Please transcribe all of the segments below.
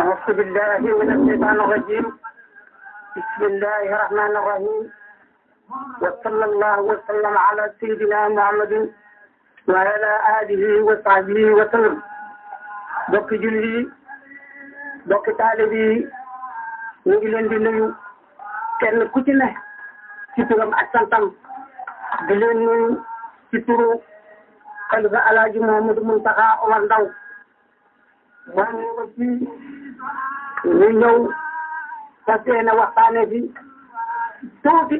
أعوذ بالله من الشيطان الرجيم بسم الله الرحمن الرحيم وصلى الله وسلم على سيدنا محمد وعلى آله وصحبه وسلم bokk julli yi bokk taalibe ngi leen ku ci ci turam ak santam ci turu xalifa alaaji Mouhamadou Mountakha Omar Ndao maa ñu ñëw fas yéene waxtaane bi tuuti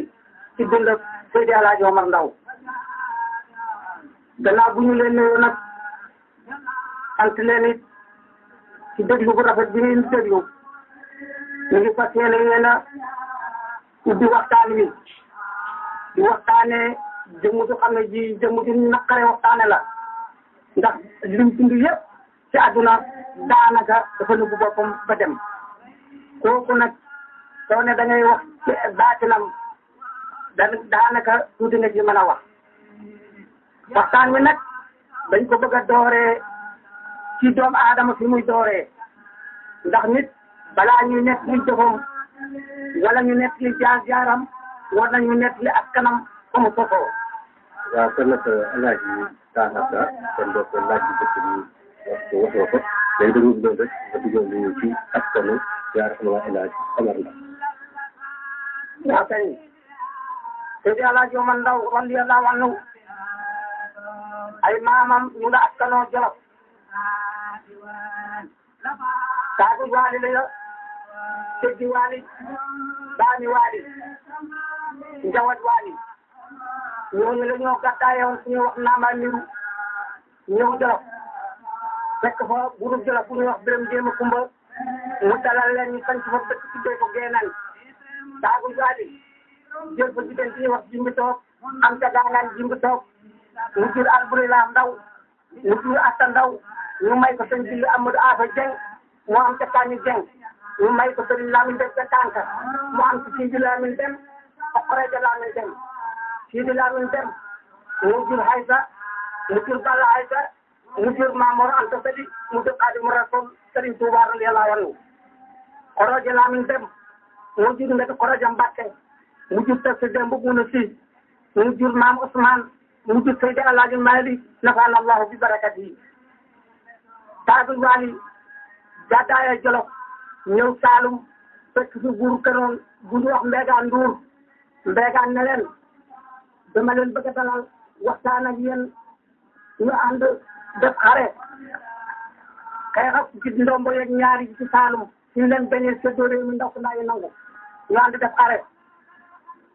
ci dund ak Seydi El Hadji Omar ñu leen nuyoo nag sant leen it ci déglu bu rafet bi ngeen déglu ñu ngi fas yéene yéen a ubbi waxtaan di waxtaane jëmm ju ji jëmm ju naqare waxtaane la ndax liñ dund yëpp ci àdduna daanaka dafa nëbbu boppam ba dem kooku nag soo ne da ngay wax ci baatinam daanaka tuuti nga ci mën a wax waxtaan wi nag dañ ko bëgg a dooree ci doomu aadama fi muy dooree ndax nit balaa ñuy nekk li jëfam wala ñu nekk li jaar jaaram war nañu nekk li askanam fa mu sosoo waaw kon nag euh, alaaji taanaka kon donc laaj bi dëkk bi wax ko waxoo ko léegi dañu doon rek nga dugal ñu ci askanu yaa ngi sama El Hadj Omar la. waaw kay. Seydi El Hadj Omar Ndao radiyallahu anhu ay maamam ñu la askanoo Jolof. Saagu waali la yor. Seydi waali. Baani waali. Njawat waali. ñooñu la ñoo gàttaayoon suñu wax naama niru ñëw Jolof fekk fa groupe Jolof bu ñuy wax Birame Jéema Kumba mu dalal leen ñu sant fa dëkk tuddee ko Géenan saagul gaali jël fa jigéen ci jimbi toog am ca jimbi toog mu jur Albourilaa Ndaw mu jur Asta Ndaw ñu may ko sëñ Billi Amadou Afa Dieng mu am ca Kani Dieng may ko sëñ Lamine Dem ca Tànka mu am ci Sidi Lamine Dem Okoreja jur Haysa mu jur Balla Haysa mu jur Mamour Anta Sali mu jur Xaadimu Rasul Sëriñ Tuubaa radiyallaahu anhu koroje Lamin Dem mu jur ndeke koroje Mbàkke mu jur te si dem bu mun a si mu jur maam Usmaan mu jur Seydi Alaaji Maalik nafaana Allaahu bi barakatihi Taajul Waali gàddaaya Jolof ñëw Saalum fekk fi buur kënoon bu ñu wax Mbeegaan Nduur Mbeegaan ne leen dama leen bëgg a dalal waxtaan ak yéen ñu ànd def kay xas ci ndombo yeeg ñaar yi ci Saalum ñu leen bañee mi ndax ndaa yi nangu ñu ànd xare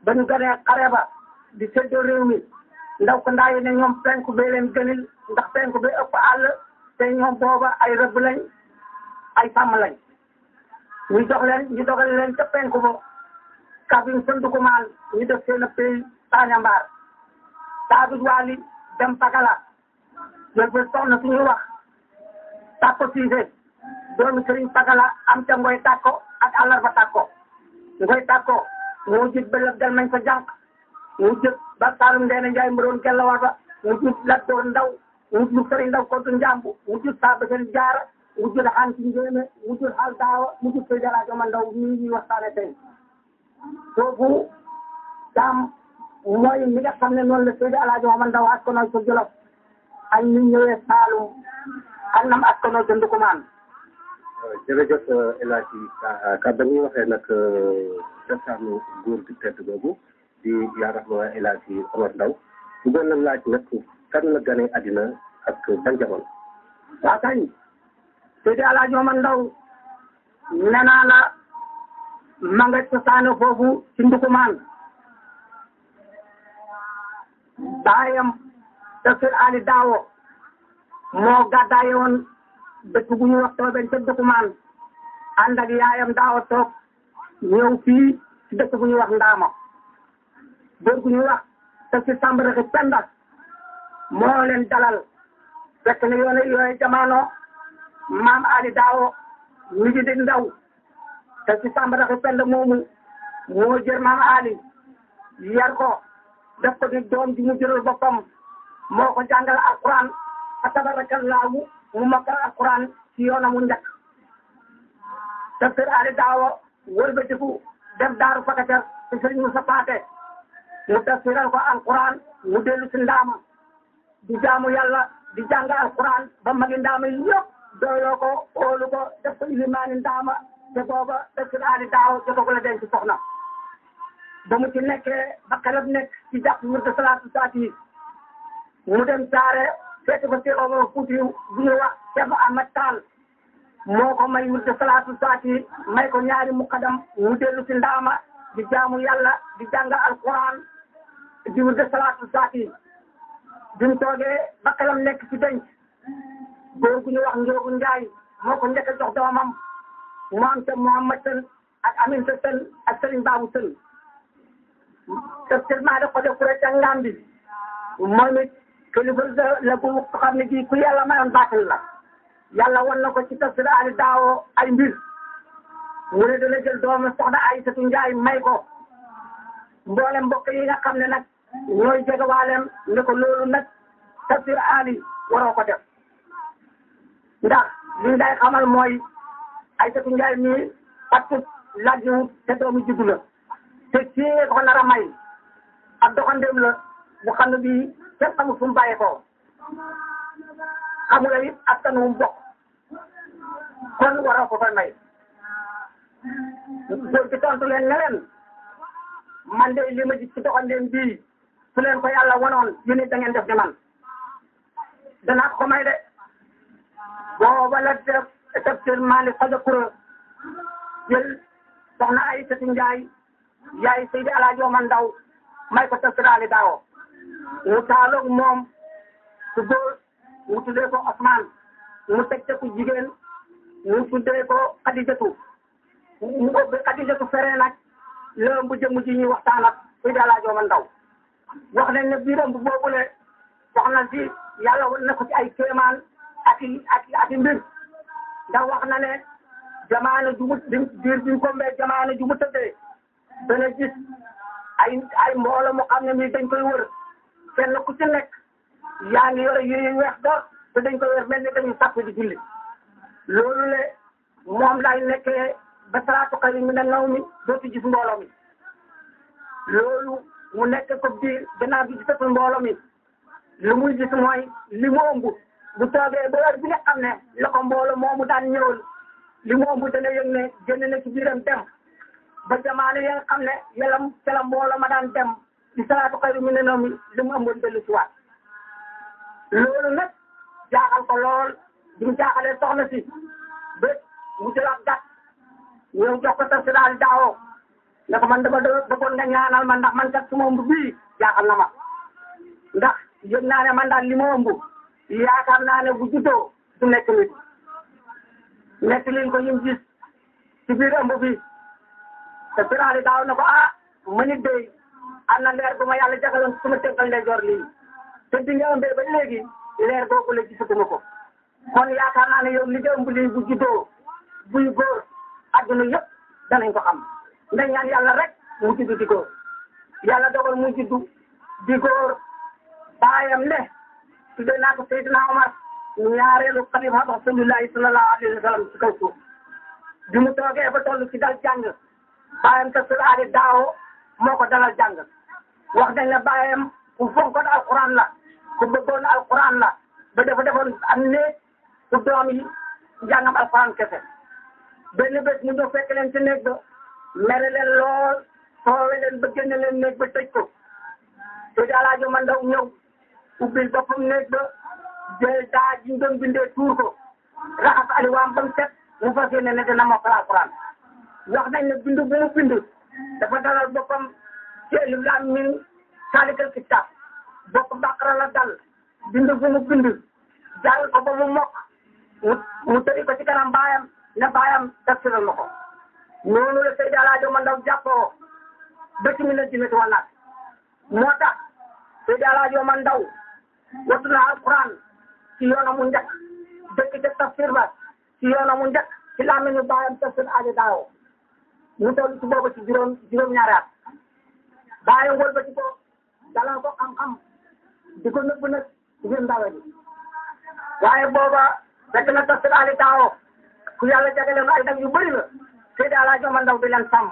ba ñu xare ba di séddoo mi ndaw ko ndaa yi ne bee leen gënil ndax bee ëpp àll te ay rëbb ay sàmm lañ ñu jox leen ñu dogal leen ca penku ba kabin sandukumaan ñu seen a pays Taañambaar Saadu Waali dem Pakala loolu ba soxna suñuy wax Tàkko Cissé doomi Sëriñ Pagala am ca Ngoy Tàkko ak àllarba Tàkko Ngoy Tàkko moo jëg bëlëb dal mañ ko jànq mu jëg ba Saalum Ndeena Njaay mbëroon gellawar ba mu jut Lat Joor Ndaw mu jut Sëriñ Ndaw Kotu Njàmb mu jut Saba Seen Jaara mu jut xaan ci Njéeme mu jut xaal daawa mu jut Seydi Alaaji Omar Ndaw ñu ngi mi nga xam ne noonu la Seydi Alaaji Omar Ndaw ak ko noonu ko Jolof ak ñu ñëwee xannam askano dënd ko maan euh, jërëjëf euh, El Hadji kàddu euh, yi waxee nag cosaanu góor gi tedd boobu di yaa raxma El Hadji Omar Ndao bu gën laaj nag kan la gane àddina ak ban jamono foofu ci ndukumaan baayam Tafsir Ali Daawo moo gàddaaye woon dëkk bu ñuy wax tooben ca dëkkumaan ànd ak yaayam daaw a toog ñëw fii ci dëkk bu ñuy wax ndaama góor gu ñuy wax te ci sàmbaraki pendas moo leen dalal fekk na yoone yooye jamaano maam Ali daawo mi ngi di ndaw te ci sàmbaraki pend moomu moo jër maam Ali yar ko def ko doom ji mu jëral boppam moo ko jàngal alquran atabarakallaahu mu mokkal alquran ci yoonamu njëkk docteur Ali Daawo wëlbatiku def daaru fakater ci sëriñ Moussa Paate mu tafsiral ko alquran mu dellu si ndaama di jaamu yàlla di jàng alquran ba magi ndaama yëpp dooloo ko ko def ko ilimaani ndaama te booba docteur Ali Daawo jotagul a denc soxna ba mu ci nekkee ba xelam nekk ci jàpp wird salaatu saati mu dem saare fekk ko Cheikh Omar Foutiyou bu ñuy wax Cheikh Ahmad Tall moo ko may wut salaatu saati may ko ñaari muqaddam mu dellu ci ndaama di jaamu yàlla di jàng alquran di wut salaatu saati bi mu toogee nekk ci denc góor gu wax Ndiogu Ndiaye moo ko njëkk jox doomam mu am te Mouhamad Sène ak Aminata Sène ak Serigne Babou Sène te seulement da ko def kuréel ca Ngambi moom it kilifa la ko xam ne kii ku yàlla mayoon baatil la yàlla wan na ko ci tafsir ali daawo ay mbir mu ne dana jël doomu soxna Aysatu Njaay may ko mboolem mbokk yi nga xam ne nag ñooy jegewaaleem ne ko loolu nag tafsir ali waroo ko def ndax li day xamal mooy Aysatu Njaay mii pattut laajiwut te doomu juddu te kii nga ko nar a may ak doxandeem la mu na bi bii kenn xamul fu mu bàyyee ko xamula it askan wu kon waroo ko fa may góor gi tontu leen ne leen man de li ma ji ci doxal leen bii su leen ko yàlla wanoon yu ni da ngeen def ni man danaa ko may de booba la def docteur Malick Fadakura jël soxna Aïssatou Ndiaye yaay Seydi Alaaji Omar may ko docteur Ali mu taaloog moom su góor mu tuddee ko Osman mu teg ca ku jigéen mu tuddee ko Xadijatu mu ubbi Xadijatu fere nag lëëm bu jëmm ji ñuy waxtaan ak kuy daalaa jooma ndaw wax nañ ne biir ëmb boobule soxna si na ko ci ay kéemaan ak i ak i ak i mbir ndax wax na ne jamaano ju mu biir bi ko mbee jamaano ju mu tëddee dana gis ay ay mboolo mu xam ne mi dañ koy kenn ku ci nekk yaa ngi yore yooyu weex dor te dañ ko weer mel ni dañuy sàpp di julli loolu le moom laay nekkee ba salaatu mi na naw mi dootu gis mbooloo mi loolu mu nekk ko biir gannaaw bi gisatul mbooloo mi muy gis mooy li mu bu toogee ba weer bi nga xam ne la ko mbooloo moomu daan ñëwal li mu ëmb dana yëg ne génn na ci dem ba jamaano ya xam ne yalam ca la mbooloo daan dem ci salaatu xayru mi ne noom li mu amoon dellu ci waat loolu nag jaaxal ko lool bi mu jaaxalee soxna si bët mu jëlaat gàtt ñëw jox ko si daal daawoo ne ko man dama bëggoon nga ñaanal man ndax man kat su ma ëmb na ma ndax yëg naa ne man daal li ma ëmb yaakaar naa ne bu juddoo du nekk nit nekk ko yim gis ci biir ëmb bi si daal daaw ne ko ah ma nit am na leer bu ma yàlla jagaloon su ma tënkal ndeyjoor lii te bi nga ëmbee ba léegi leer boobu la gisatuma ko kon yaakaar naa ne li nga ëmb lii bu juddoo buy góor adduna yëpp danañ ko xam ndax ñaan yàlla rek mu juddu di góor yàlla dogal mu juddu di góor baayam ne tuddee naa ko Seydina Omar ñaareelu xalifa Rasulullahi sallallahu alayhi wa ci kaw suuf bi mu toogee ba toll ci dal jàng baayam Tafsir Ali moo ko dalal jàng wax dañ la bàyyam ku fonkoon alquran la ku bëggoon alquran la ba dafa defoon am néeg su doom yi jàngam alquran kese benn bés mu ñëw fekk leen ci néeg ba mere leen lool soowe leen ba génne leen néeg ba tëj ko te di alaajo ñëw ubbil boppam néeg ba jël daa ji doon bindee tuur ko raxas aliwaam ba mu set mu fas yéene ne dina mokkal alquran wax nañ bindu bu mu bind dafa dalal boppam teelu làmmiñ salikal kitab bopp bàqara la dal bind bu mu bind ko ba mu mokk mu mu tëri ko ci kanam baayam ne baayam tafsiral ma noonu la Seydi Alaaji Omar Ndaw jàppoo ba ci mi na dimeti moo tax Seydi Alaaji Omar Ndaw wattu na alquran ci yoona mu njëkk ci yoona mu njëkk ci làmmiñu baayam tafsir ajo daawo mu toll ci boobu ci juróom juróom ñaari bàyyi wëlbati ko dalal ko xam-xam di ko nëbb nag ci biir ndawe bi waaye booba fekk na tas daali taawoo ku yàlla jagale ay dag yu bëri la Seydi Alaaji Omar Ndaw di leen sàmm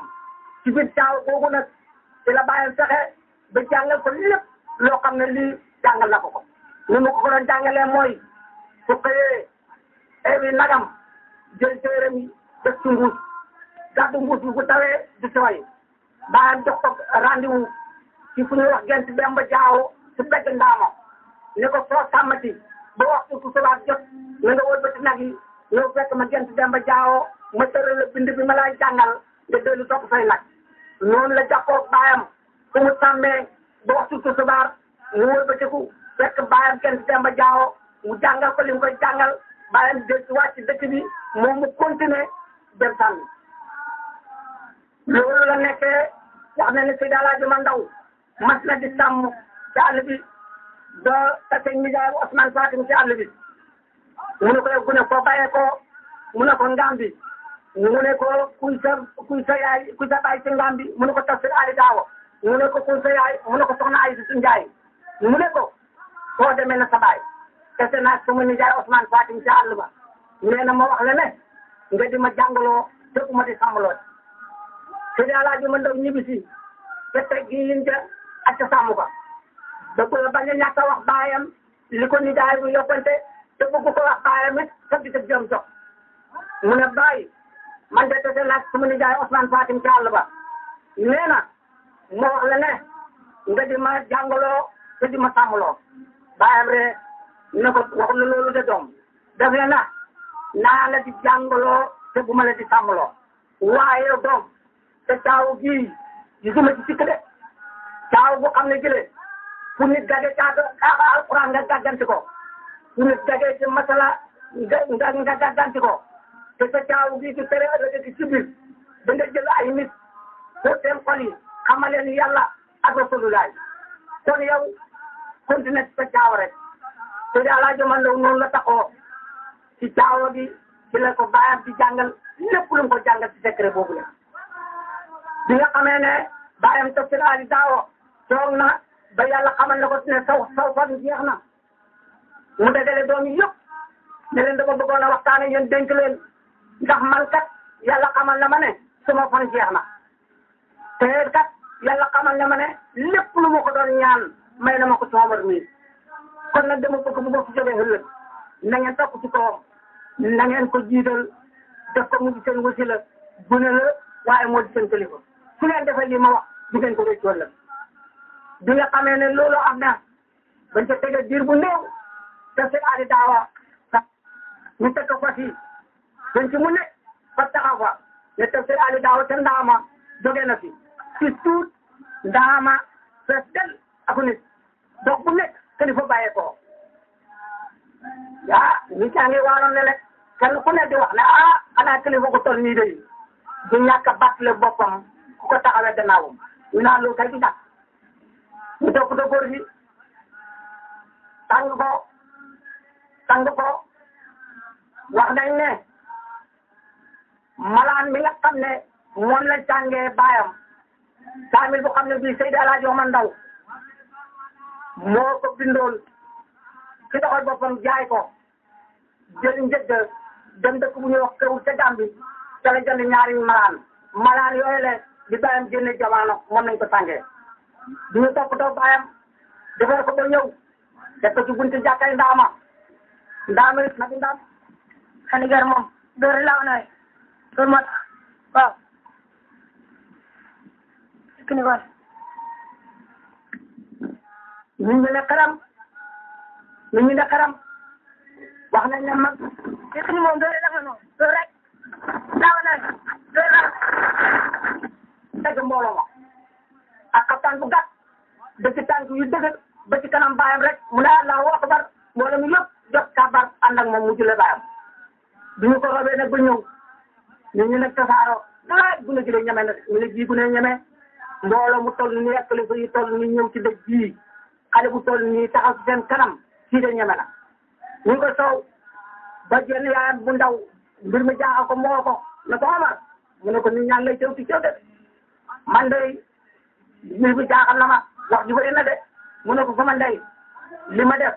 ci biir taaw googu nag ci ba jàngal ko lépp loo ne lii jàngal na ko ko ni ko ko doon jàngalee mooy su xëyee ewi nagam jël téeram yi def ci mbuus gàddu mbuus di sooy baayam jox ko rendez-vous fu ñuy wax gent Demba Jaaw ci pegg Ndaama ne ko soo sàmmati ba waxtu ku subaab jot na nga wëlbati nag yi fekk ma gent Demba Jaaw ma tëral la bind bi ma lay jàngal nga dellu topp fay nag noonu la jàppoo baayam fu mu sàmmee ba waxtu ku subaab mu wëlbatiku fekk baayam gent Demba Jaaw mu jàngal ko li mu koy jàngal baayam del ci wàcc bi moom mu continuer dem sànni loolu la ne nga xam ne si daal ma ndaw mas na di sàmm ci àll bi ba tase nijaay Ousmane Fatim ci àll bi mu ne ko yow gune foo ko mu ne ko ngaam bi mu ne ko kuy sa kuy sa yaay kuy sa baay ci ngaam bi mu ne ko tafsir Ali Daawa mu ne ko kuy sa yaay mu ne ko soxna Aydu si Njaay mu ne ko soo demee na sa baay tase naa sama nijaay Ousmane Fatim ci àll ba nee na ma wax la ne nga ma jàngaloo te ku di sàmmaloo su dee alaaji ma ndaw ñibbisi te teg gi yim ca ak ca sàmm ko da ko bañ a a wax baayam li ko ni daay bu yokkante te wax baayam it sa bi sa jom jox mu ne bàyyi man de tase naag su ma ni daay Ousmane ba nee na ma la ne nga di ma jàngaloo te ma sàmmloo baayam re ne ko wax na loolu de na naa la di jàngaloo te ma la di sàmmloo waaye doom te taaw gii yu jëma ci sikk de taaw bu xam ne jëlee fu nit gage taata alquran nga gàgganti ko fu nit gage ci masala nga nga gàgganti ko te sa taaw gii ci tere ëllëg ci biir da nga jël ay nit pour seen xol yi xamaleen yàlla ak rasululaay kon yow continué sa caaw rek te daal laa jëmal law noonu la taxoo ci caawa gi ci la ko bàyyam di jàngal lépp lu mu ko ci secret boobu la bi nga xamee ne bàyyam tafsir ali daawo toog na ba yàlla xamal na ko ne saw saw fan jeex na mu dajale doom yi yëpp ne leen dama bëggoon a waxtaane yéen dénk leen ndax man kat yàlla xamal na ma ne suma fan jeex na te kat yàlla xamal na ma ne lépp lu ma ko doon ñaan may na ma ko coomar mii kon nag dama bëgg bu ma fi na ngeen topp ci kawam ko jiital def ko mu ngi seen wasila gune la waaye moo di seen kilifa su leen defee li ma wax du ngeen ko rëcc wala bi nga xamee ne loolu am na bañ ca tege diir bu néew te si aadi daawa sax ñu ko fii dañ ci mu ne fa taxaw fa ne te si aadi daawa te ndaama jóge na fi ci tuut ndaama fees del ak nit dox bu nekk kilifa ba ko ah nit ñaa ngi waaloon ne rek ku ne di wax ne ah xanaa kilifa ko toll de du ñàkk a battale boppam. ku ko taxawee gannaawam ñu naan lu kay ci ñàkk ñu topp ko tàng ko tàng ko wax nañ ne malaan mi nga xam ne moom la jàngee baayam kaamil bu xam ne bii Seydi Alaaji Omar Ndaw moo ko bindool ci doxal boppam jaay ko jël njëgg dem dëkk bu wax këw ca malaan malaan yooyu la bi bàyyam génne jamono moom nañ ko sàngee du ñu toppatoo bàyyam defar ko ba ñëw def ko ci bunti jàkkay ndaama ndaama it nag ndaam Sénégal moom doori laaw nooy loolu moo tax waaw sikki ni kon ñu ñu ne xaram ñu ñu ne xaram wax nañ ne mag sikki dagg mbooloo ma ak xaftaan bu gàtt ba ci tànk yu dëgër ba ci kanam baayam rek mu ne Allahu akbar mbooloo mi yëpp jot kabar ànd ak moom mu jule baayam bi ñu ko robee nag ba ñëw ñu ñu nag tasaaroo ah gune gi de ñeme na ñu ne ji gune ñeme mbooloo mu toll nii ak kilifa yi toll nii ñëw ci dëj bii xale bu toll nii taxaw ci seen kanam ci de ñeme na ñu ko soow ba jenn yaayam bu ndaw mbir mi jaaxal ko moo ko ne ko Omar mu ne ko nit ñaa ngi lay teew ci teew man day mbir bi jaaxal na ma wax ju bëri de mu ne ko sama ndey li ma def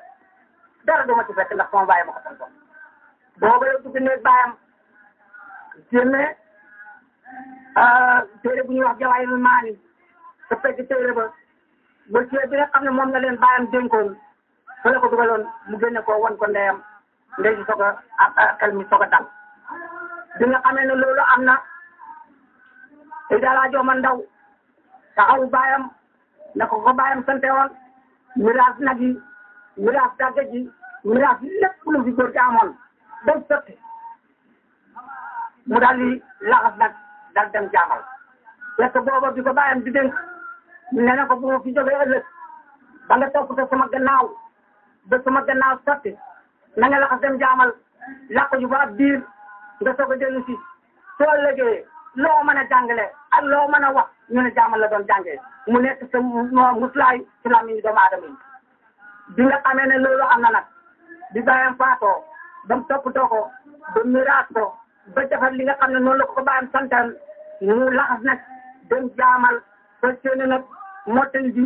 dara du ma ci fekk ndax sama bàyyi ma ko tontoon boobu yow dugg néeg bàyyam génne euh, téere bu ñuy wax jawaayul maani te fekk téere ba ba téere bi nga xam ne moom na leen bàyyam dénkoon fa la ko dugaloon mu génne ko wan ko ndeyam ndey si soog a ak mi soog a dal nga xamee ne loolu am na Seydi Alaaji Omar Ndaw taxawu baayam na ko ko baayam sante woon miraas nag yi miraas dàgge ji miraas lépp lu fi góor gi amoon mu daal di laxas nag dal dem jaamal fekk booba bi ko baayam di dénk nee na ko bu ma fi jógee ëllëg ba nga topp te ba sama gannaaw sotti na nga dem jaamal làq ju ba diir nga soog a si soo ëllëgee loo mën a jàngale ak loo mën a wax ñu ne jaamal la doon jàngee mu nekk sa muslaay ci làmmiñu doomu aadama yi bi nga xamee ne loolu am na nag di bàyyam faatoo ba mu toppatoo ko ba miraas ko ba defar li nga xam ne noonu la ko ko bàyyam santaan mu laxas nag dem jaamal ba séenu nag mottali ji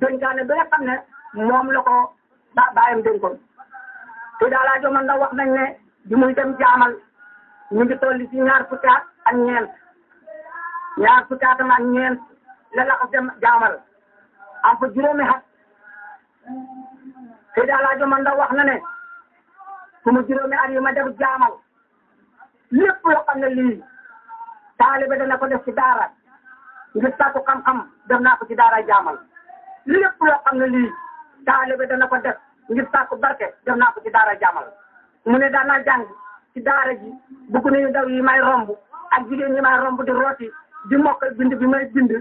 dénkaane ba nga xam ne moom la ko ba bàyyam dénkoon te daalaajoo man ndaw wax nañ ne bi muy dem jaamal ñu ngi tolli ci ñaar fukki at ak ñeent ñaar fukki atam ak ñeent la la ko jaamal am fa juróomi xat Seydi Alaaji Omar Ndaw wax na ne su mu juróomi at yi ma def jaamal lépp loo xam ne lii taalibe dana ko def ci daara ngir sàkku xam-xam def naa ko ci daara jaamal lépp loo xam ne lii taalibe dana ko def ngir sàkku barke def naa ko ci daara jaamal mu ne daan naa jàng ci daara ji bugg nañu daw yi may romb ak jigéen ñi may romb di rooti di mokkal bind bi may bind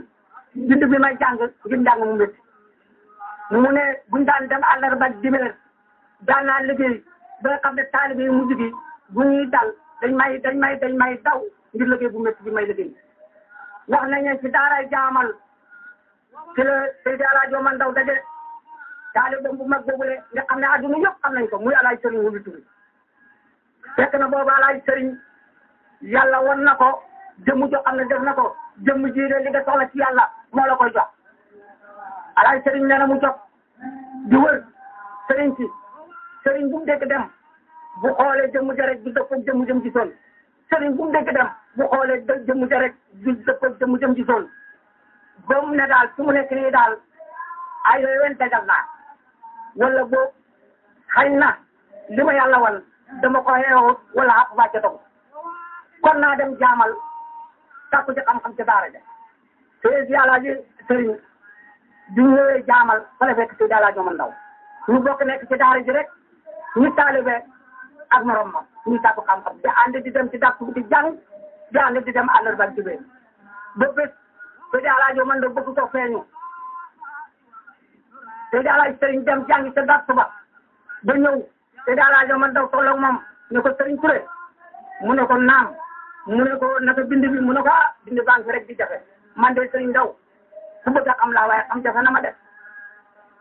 bind bi may jàng ngir njàng mu métti mu ne buñ daan dem àllarba dibéer daan naa liggéey ba nga xam ne taalibe yi mujj gi bu ñuy dal dañ may dañ may dañ may daw ngir liggéey bu métti bi may liggéey wax nañu ci daaray jaamal ci la Seydi Alaaji Omar Ndaw daje taalibe bu mag boobule nga xam ne àdduna yëpp xam nañ ko muy Alaaji Sëriñ Wulu Ture fekk na boobu Alaaji Sëriñ yàlla won na ko jëmm jox am na def na ko jëmm ji de li nga soxla ci yàlla moo la koy jox alaay sëriñ nee na mu jox di wër sëriñ si sëriñ bu mu dégg dem bu xoolee jëmm ja rek du dëppoo jëmm jëm ci sol sëriñ bu mu dem bu xoolee jëmm ja rek du dëppoo jëmm jëm ci sol ba mu ne daal su mu nekk nii daal ay yooyu wen tegal naa wala boo xëy na li ma yàlla wan dama ko yeewoo wala xaq bàcce ko naa dem jaamal takku ci xam-xam ci daara ja te yàllaaji sëriñ bi ñu ñëwee jaamal fa la fekk si yàllaaji ma ndaw ñu bokk nekk ci daara ji rek ñu taalibe ak morom ma ñu takku xam-xam di ànd di dem ci dàq di jàng di di dem àndal ba jibeen ba bés te yàllaaji ma ndaw bëgg ko feeñu te yàllaaji sëriñ dem jàng ca dàq ba ba ñëw te yàllaaji ma ndaw tolloog moom ne ko sëriñ Touré mu ne ko naam mu ne ko naka bind bi mu ne ko a ah, bind baa ngi rek di jafe man de sëriñ ndaw ku bëgg a xam laa waaye xam jafe na ma def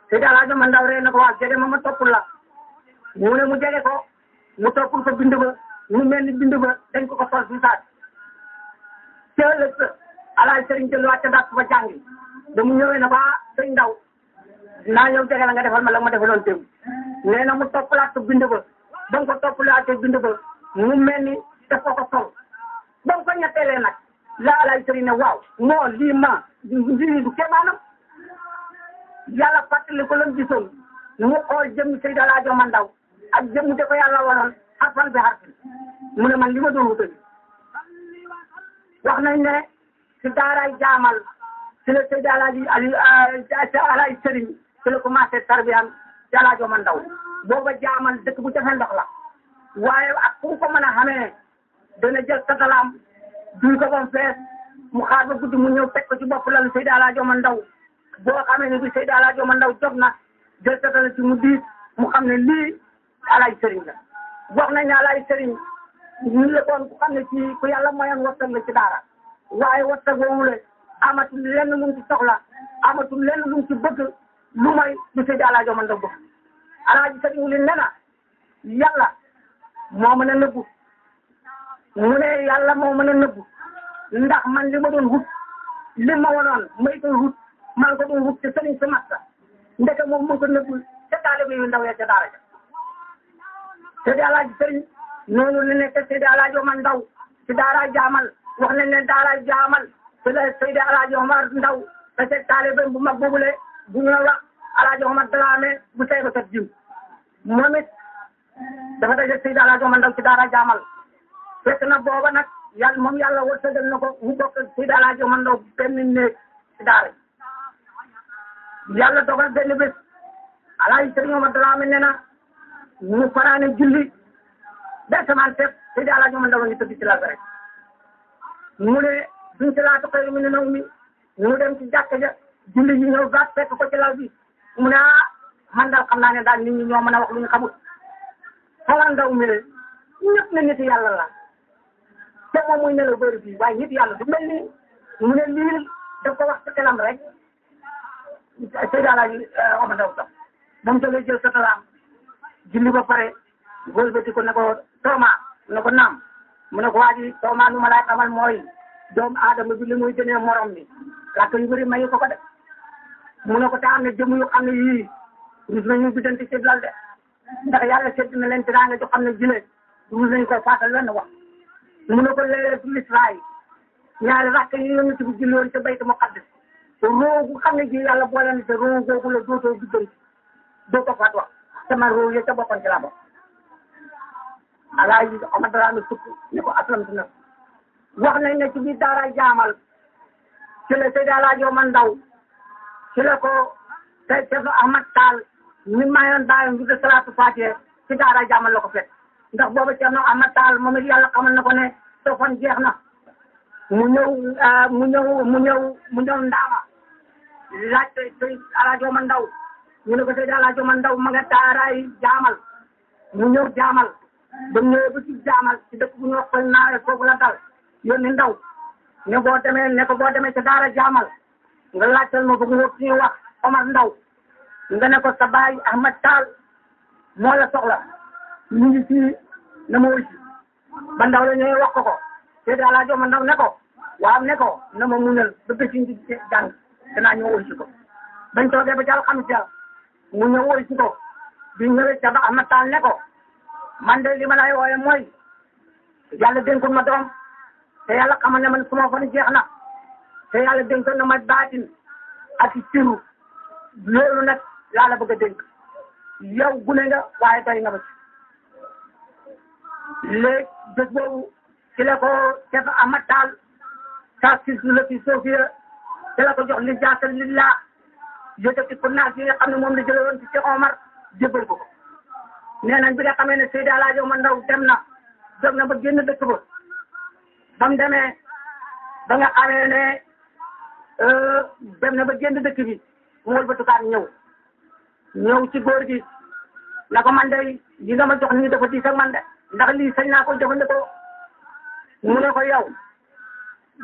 te daal man ndaw ree na ko waa jege ma ma toppul la mu ne mu jege ko mu toppul ko bind ba mu mel ni bind ba dañ ko ko sol si saat ci ëllëg sa alaaj mu ñëwee na ko ah ndaw naa ñëw jege la nga defal ma la ma defaloon démb nee na mu toppalaat ko bind ba ba nga ko toppalaat ko bind ba mu mel ni daf ko ba mu ko ñetteelee nag laa lay sëriñ ne waaw moo lii ma lii du kéemaanam yàlla fàttali ko la gisoon mu xool jëmm Seydi Alaaji Omar Ndaw ak jëmm de ko yàlla waroon xarfan bi xarfan mu ne man li ma doon wutal wax nañ ne si daaray jaamal si la Seydi Alaaji Aliou euh, Alaaji si la commencé tarbiyam Alaaji Omar Ndaw booba jaamal dëkk bu jafe ndox la waaye ak fu ko a xamee dana jël satalaam duy ko bam fees mu xaar ba guddi mu ñëw teg ko ci bopp lalu Seydi Alaaji Omar Ndaw boo xamee ne bi Seydi Alaaji Ndaw jog na jël satala ci mu diis mu xam ne lii Alaaji Sëriñ la wax nañ ne Alaaji Sëriñ ñu la ci ku yàlla mayoon wattag la ci daara waaye wattag woowule amatul lenn lu mu ci soxla amatul lenn lu mu bëgg lu may bi Seydi Alaaji Omar Ndaw bëgg Alaaji Sëriñ wu li ne na yàlla mu ne yàlla moo mën a nëbbu man li ma doon wut li ma wanoon may koy wut maa ngi ko doon wut ci sëriñ si mat sa ndeke moom moo ko nëbbu ca taalibe yu ndaw ya ca daara ja Seydi la nekk Seydi Alaaji Ndaw ci daara jaamal wax nañ ne daara jaamal ci la Alaaji Omar Ndaw da ca taalibe bu mag boobule bu ñu Alaaji Omar Dalaame bu say ba sat moom it dafa daje Seydi Alaaji Omar Ndaw ci daara jaamal fekk na booba nag yàlla moom yàlla wërsëgal na ko mu bokk si a jo man doo benn néeg si daara yàlla dogal benn bés alaaji sëriñ Omar Dramé nee na ñu fanaane julli benn semaine fekk si daala jo man doo ngi tëdd ci lal rek mu ne duñ ci laata xëy mi ne naw mi mu dem ci jàkka ja julli ji ñëw baat ko ci bi mu ne ah man daal naa ne daal nit ñi ñoo mën a wax lu ñu xamul xoolal ndaw mi le ñëpp na la te moom muy nelaw bëri bii waaye nit yàlla du mel nii mu ne lii ko wax ci xelam rek Seydou Alaji eh, Omar Ndao Sow moom da ngay jël sa talaam julli ba pare wëlbati ko ne ko tooma ne ko naam mu ne ko waa ji tooma nu ma laay xamal mooy doomu aadama bi li muy gënee morom bi làkk yu ma mayu ko ko def mu ne ko te am na yu xam ne yii rus nañu biddante ci lal de ndax yàlla sedd na leen teraanga ju xam ne jile rus nañu koy faatal wenn wax mu ne ko léeg-léeg bu ñaari rakk yi yonent bi julloon ca baytu muqaddas roo gu xam ne ji yàlla boole na te roo la dootoo jubbanti dootoo faat wax sama roo ya ca boppam ci laa bokk alaaji Omar Dramé sukk ne ko aslam dina wax nañ ne ci biir daara jaamal ci la Seydi Alaaji Omar Ndaw ci la ko te Cheikh Ahmad Tall mi mayoon baayam bi de salaatu faatiha ci daara jaamal la ko fekk ndax booba Thierno Amath Tall moom it yàlla xamal na ko ne toofan jeex na mu ñëw ah, mu ñëw mu ñëw mu ñëw ndaama laaj tey tey alaajo ma ndaw ñu ne ko tey alaajo ma ndaw ma nga taaraay jaamal mu ñëw jaamal ba ñëwee ba ci jaamal ci dëkk bu ñu wax koy naawee foofu la dal yónni ndaw ne boo demee ne ko boo demee ca daara jaamal nga laajtal ma bëgg nga wax Omar Ndaw nga ne ko sa Ahmad Tall moo la soxla ñu ngi ci na ma wuy ba ndaw la ñëwee wax ko ko te daal laa jox ma ndaw ne ko waaw ne ko na ma muñal ba bés yi ñu jàng danaa ñëw wuy si ko. bañ toogee ba jàll xam si yàlla mu ñëw wuy si ko bi ñëwee ca ba Ahmad Taal ne ko man de li ma lay wooyee mooy yàlla dénkoon ma doom te yàlla xamal ne man suma fan jeex na te yàlla dénkoon na ma baatin ak ciru loolu nag laa la bëgg a dénk yow gune nga waaye doy nga ba léegi bés boobu ci la ko def Ahmad Tall tas ci ci Sofia ci jox li jaasal lillah yëkkati ko moom la jëlee woon ci Cheikh Omar jébbal ko ko nee nañ bi nga xamee ne Seydi Alaaji Omar Ndaw dem na jóg na ba génn dëkk ba ba mu demee ba nga xamee ne euh, dem na ba génn dëkk bi mu wëlbatukaat ñëw ñëw ci góor gi na ko man de yi nga ma jox nii dafa diis ak man ndax lii sañ naa ko jëfandikoo mu ne ko yow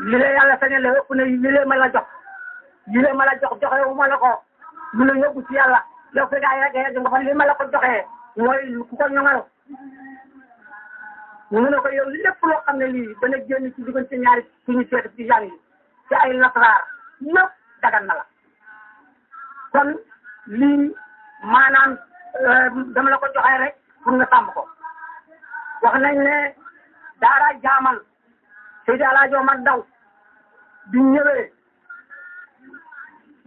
li la yàlla sañale ëpp na li la ma la jox li la ma la jox joxe wu ma la ko lu la yóbbu ci yàlla yow fi gaa yi rek yegg nga fa li ma la ko joxee mooy ku ko ñoŋal mu ne ko yow lépp loo xam ne lii dana génn ci diggante ñaari suñu seet ci jàng yi ci ay lasraar yëpp dagan na la kon lii maanaam euh, dama la ko joxee rek pour nga sàmm ko wax nañ ne daara jaamal Seydi Alaaji Omar Daw bi ñëwee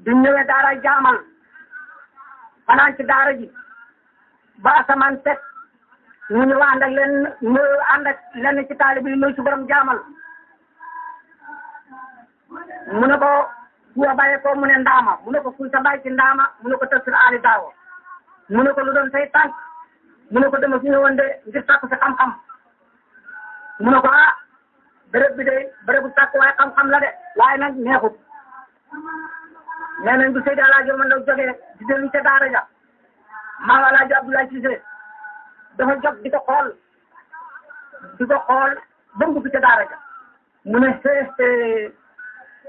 bi ñëwee daara jaamal fanaan ci daara ji ba asamaan teg ñu ñëw ànd lenn lenn ci taalib yi ñëw jaamal mu ne ko kuwa bàyyi ko mu ne ndaama mu ne ko kuy sa ci ndaama mu ne ko tafsir aali daawo mu ne ko lu doon say mu ne ko dama fi ñëwoon de ngir sàkku sa xam-xam mu ne ko ah béréb bi de bérébu sàkku waaye xam-xam la de waaye nag neexut nee nañ bu Seydi Alaaji Omar Ndaw jógee di dellu ca daara ja maam Alaaji Abdoulaye Cissé dafa jóg di ko xool di ko xool ba mu dugg ja mu ne xëy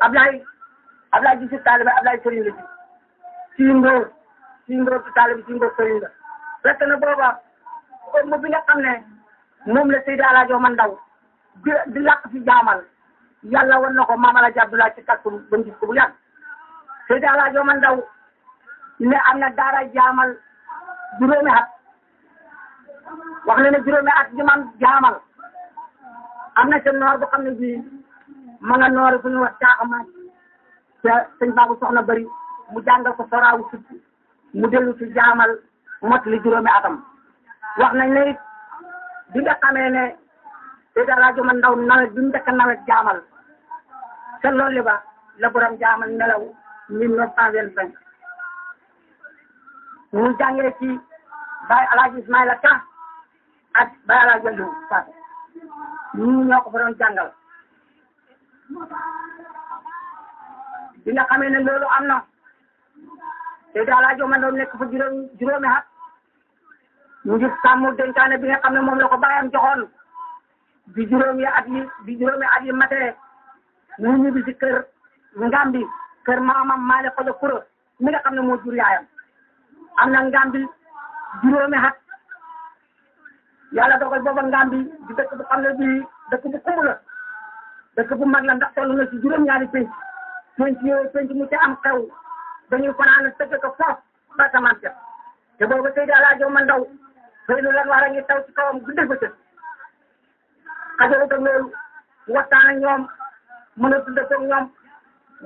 Ablaye Ablaye Cissé taalibe Ablaye Sëriñ la ci ci Ndóor ci Ndóor ci taalibe ci Ndóor Sëriñ la xorma bi nga xam ne moom la Seydi Alaaji Omar Ndaw di di làq fi jaamal yàlla wan na ko maam Alaaji Abdoulaye ci takku ba gis ko bu yàgg Seydi ne am na daara jaamal juróomi at wax na ne juróomi at ñu man jaamal am na seen noor bu xam ne bii ma nga noori fu ñu wax caaxamaa te sëñ baabu soxna bari mu jàngal ko soraawu sut mu dellu ci jaamal mot li juróomi atam wax nañ ne it bi nga xamee ne Seydi Alaaji Omar nawet bi mu njëkk nawet jaamal te loolu ba la borom jaamal nelaw mille neuf cent vingt cinq ñu ci Baye Alaaji Ismaïla Ka ak Baye Alaaji Aliou Fatou ñoo ko fa doon jàngal bi nga xamee ne loolu am na Seydi Alaaji Omar Ndaw nekk fa juróom juróomi mu ngi sàmm dénkaane bi nga xam ne moom la ko bàyyam joxoon bi juróomi at yi bi juróomi at yi matee mu ñibbi si kër Ngambi kër maamam Maale Kojo Kuro mi nga xam ne moo jur yaayam am na Ngambi juróomi at yàlla dogal booba Ngambi di dëkk bu xam ne bii dëkk bu xumb la dëkk bu mag la ndax toll na si juróom-ñaari penc penc yooyu penc mu ca am xew dañuy fanaan tëgg ko foofu ba samante te booba tey daal laa jox ma ndaw. xëy na lan war a ngi taw ci kawam bu def ca xasee ko loolu waxtaan ak ñoom mën a dund ak ñoom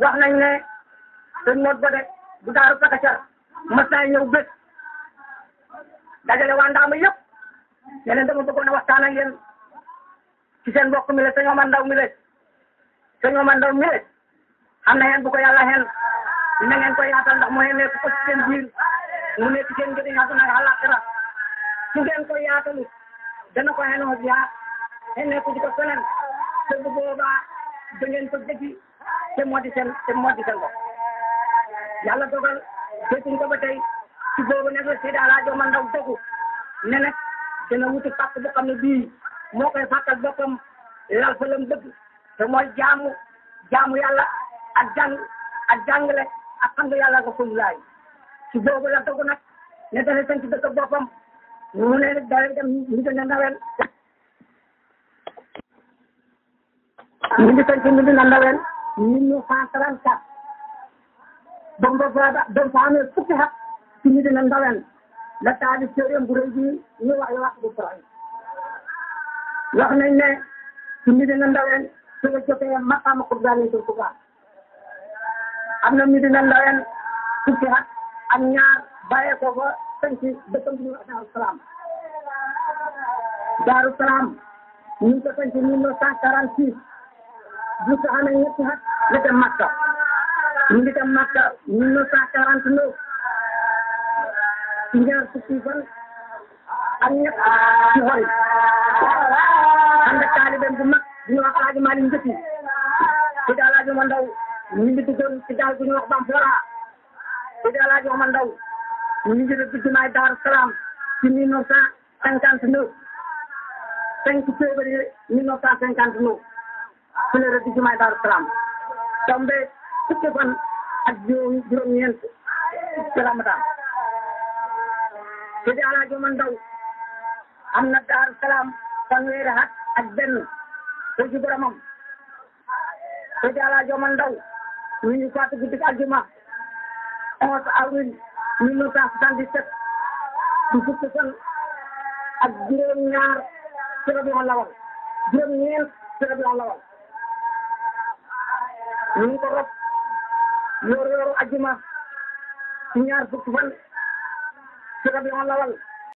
wax nañ ne sëñ ne leen dama bëggoon a waxtaan ak yéen ci seen mbokk mi la sëñ Omar Ndaw mi la sëñ Omar Ndaw mi la xam na xeen bu ko yàlla xeen na ngeen ko nekk ak àllaaxira su ngeen ko yaatalu dana ko xenoo jaar xenee ko di ko feneen te bu boobaa da ngeen ko jëfi te moo di seen te moo di seen bopp yàlla dogal jëfuñ ko bii moo koy fàttal boppam lal fa bëgg te mooy jaamu jaamu yàlla ak jàng ak jàngale ak ko foofu laay la dogu ne dana sanc dëkk boppam mu ne dawel itam ñu ngi na ndawel ñu ngi tënk ñu ngi na ndawel mille neuf cent trente quatre ba mu ba fa amee fukki at ci ñu dina ndawel la taalif téeréem bu rëy bi ñu wax wax bu Quraan wax nañ ne ci ñu dina ndawel su la jotee maqaama Qurbaani ko Kubaa am na ñu dina ndawel fukki at ak ñaar bàyyee ko tënk dëkkam bi ñu salam Daaru Salaam ñu ko tënk mille neuf bu sa amee ñetti at la dem Makka ñu ngi dem Makka mille neuf cent quarante neuf ñaar fukki ci xol bu bu ñu wax ci ñu ngi ci bu ñu wax ci mu ngi jóge ci jumaay Daaru Salaam ci mille neuf cent cinquante neuf cinq février mille neuf cent cinquante neuf fi la rëdd jumaay Daaru Salaam tombe fukki fan ak juróom juróom-ñeent ci Ramadan Seydi Alaaji Omar am na Daaru Salaam fanweeri at ak benn ci boromam Seydi Alaaji Omar Ndaw ñu ngi faatu guddi aljuma onze avril mille neuf cent soixante-dix-sept du fan ak juróom-ñaar ci Rabiul Awal juróom-ñeent ci Rabiul Awal ñu ngi yor yoru ajjuma ci ñaar fan ci Rabiul Awal